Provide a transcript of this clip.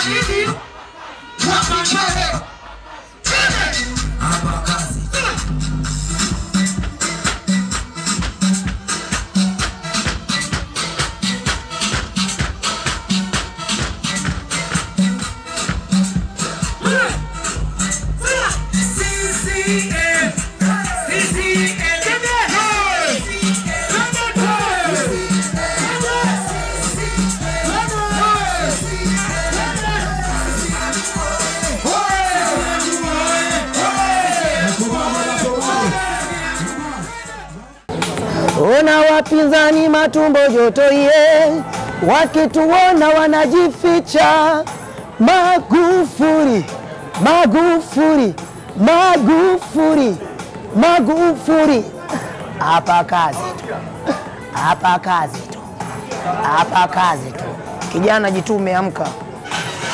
I need you. Ona wapinzani matumbo joto ye, wakituona wanajificha. Magufuli, Magufuli, Magufuli, Magufuli. Hapa kazi tu, hapa kazi tu, hapa kazi tu. Kijana jitu umeamka.